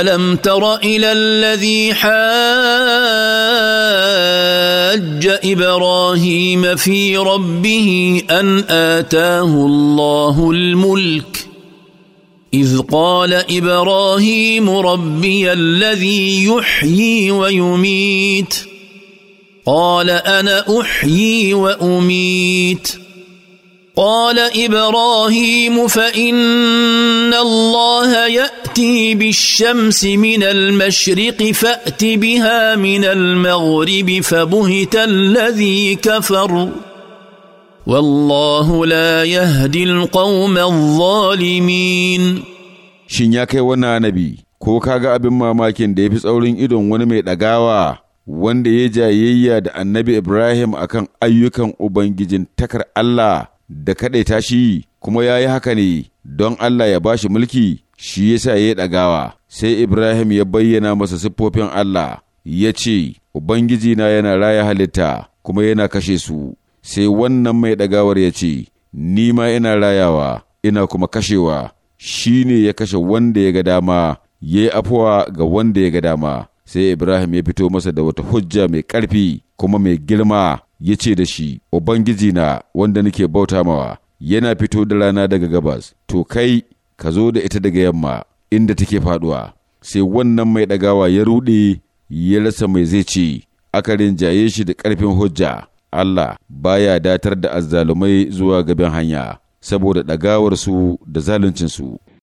الم تر الى الذي حاج ابراهيم في ربه ان اتاه الله الملك اذ قال ابراهيم ربي الذي يحيي ويميت قال انا احيي واميت قال ابراهيم فان الله ياتي بالشمس من المشرق فات بها من المغرب فبهت الذي كفر والله لا يهدي القوم الظالمين shin ya kai wannan annabi ko ga abin mamakin da ya fi tsaurin idon wani mai ɗagawa wanda ya jayayya da annabi ibrahim akan ayyukan ubangijin takar allah da kaɗaita shi kuma ya yi haka ne don Allah ya ba shi mulki shi yasa ya yi ɗagawa sai Ibrahim ya bayyana masa siffofin Allah ya ce ubangiji na yana raya halitta kuma yana kashe su sai wannan mai ɗagawar ya ce ni ma ina rayawa ina kuma kashewa shi ne ya kashe wanda ya ga dama ya yi afuwa ga wanda ya ga dama sai Ibrahim ya fito masa da wata hujja mai ƙarfi kuma mai girma ya ce da shi, Ubangiji na wanda nake bauta mawa, yana fito da rana daga gabas, to kai ka zo da ita daga yamma inda take faduwa. Sai wannan mai ɗagawa ya ruɗe ya rasa mai zai ce, aka rinjaye shi da karfin hujja. Allah baya datar da azzalumai zuwa gaban hanya, saboda ɗagawarsu da zaluncinsu.